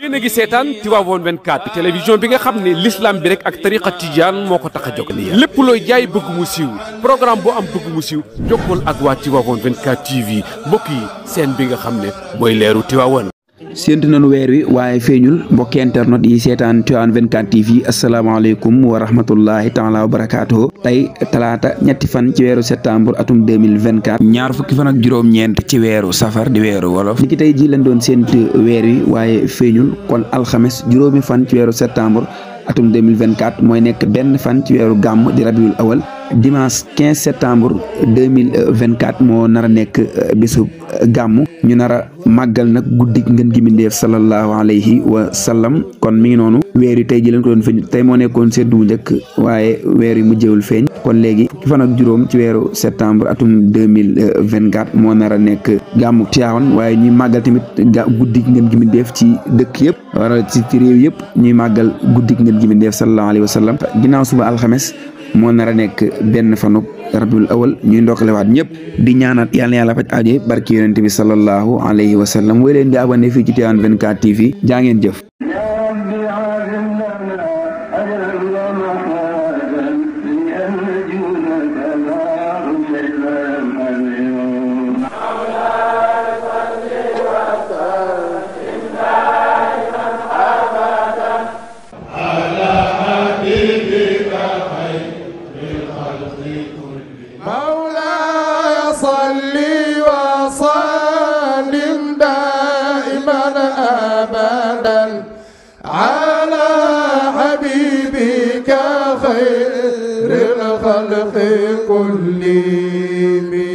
yéen a ngi seetaan Tivaouane 24 télévision bi nga xam ne lislaam bi rek ak tariqa tijaan moo ko tax a jóg lépp looy jaay bëgg mu siiw programme boo am bëgg mu siiw jokkool ak waa Tivaouane 24 TV mbokk yi seen bi nga xam ne mooy leeru Tivaouane séentu nañu weer wi waaye feeñul mbokki internet yi seetaan Tivaouane 24 TV asalaamaaleykum wa rahmatullahi taala wa barakaatu tey talaata ñetti fan ci weeru septembre atum 2024 ñaar fukki fan ak juróom-ñeent ci weeru safar di weeru wolof niki tey ji lañ doon séentu weer wi waaye feeñul kon alxames juróomi fan ci weeru septembre atum 2024 mooy nekk benn fan ci weeru gàmm di rabiul awal dimanche 15 septembre 2024 moo nar a nekk euh, bésu euh, gàmm ñu nar a màggal nag guddi ngeen gi mbindéef sallallahu alayhi wa sallam kon mi ngi noonu weer yi tey ji leen ko doon feeñ tey moo nekkoon seddu bu njëkk waaye weer yi mujjewul feeñ kon léegi fukki fan ak juróom ci weeru septembre atum 2024 moo nar a nekk gàmmu Tiwaawan waaye ñuy màggal tamit guddi ngeen gi mbindéef ci dëkk yëpp wala ci réew yëpp ñuy màggal guddi ngeen gi mbindéef sallallahu alayhi wa sallam ginnaaw suba alxames moo nar a nekk benn fanub rabiul awal ñuy ndokkalewaat ñëpp di ñaanaat yàlla na yàlla faj aajo barki yonent bi sallallahu alayhi wa sallam way leen di abonné fii ci Tivaouane 24 TV jaa ngeen jëf مولاي صلي وسلم دائما ابدا على حبيبك خير الخلق كلهم